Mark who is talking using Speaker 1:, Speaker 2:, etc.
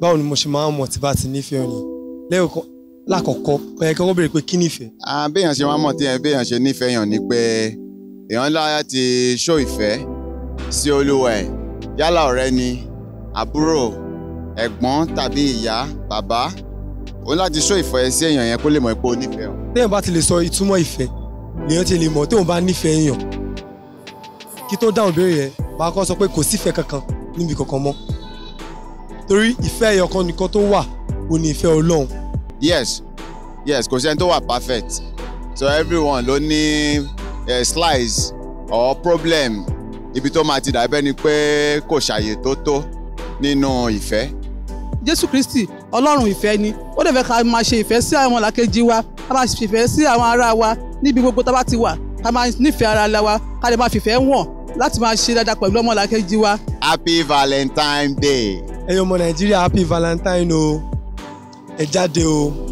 Speaker 1: báwo ni mo ṣe máa ń mọ̀ tí bá ti nífẹ̀ẹ́ ọ̀nì lẹ́ẹ̀kan lákọ̀ọ́kọ́ ẹ kọ́kọ́ béèrè pé kí nífẹ̀ẹ́.
Speaker 2: béèyàn ṣe máa mọ̀ tí béèyàn ṣe nífẹ̀ẹ́ yàn ni pé èèyàn láti ṣó ìfẹ́ sí olúwa ẹ̀ yálà ọ̀rẹ́ ni àbúrò ẹ̀gbọ́n tàbí ìyá bàbá òun láti ṣó ìfẹ́ sí èèyàn yẹn kó lè mọ̀ pé o nífẹ̀ẹ́ o.
Speaker 1: téèyàn bá ti lè sọ ìtumọ̀ ìfẹ́ lèèyàn ti lè mọ̀ tóun bá nífẹ̀ẹ́ èèyàn kí tó dáhùn béèrè rẹ̀ máa kọ́ torí ìfẹ́ ẹyọkan nìkan tó wà ò ní ìfẹ́ Ọlọ́run.
Speaker 2: yes yes kò sẹ́ni tó wà perfect so everyone ló ní uh, slice or problem ibi tó máa ti dàbẹ́ ni pé kò ṣàyè tó tó nínú ìfẹ́.
Speaker 3: Jésù Kristi Ọlọ́run ìfẹ́ ni ó dẹ̀ fẹ́ ká máa ṣe ìfẹ́ sí àwọn làkejì wa ká máa fìfẹ́ sí àwọn ará wa níbi gbogbo tá a bá ti wà ká máa nífẹ̀ẹ́ ara wa ká lè máa fìfẹ́ wọn láti máa ṣe dáadáa pẹ̀lú ọmọlàkejì wa.
Speaker 2: Happy Valentine Day
Speaker 1: ẹ̀yin ọmọ nàìjíríà happy valentine o ẹ jáde o.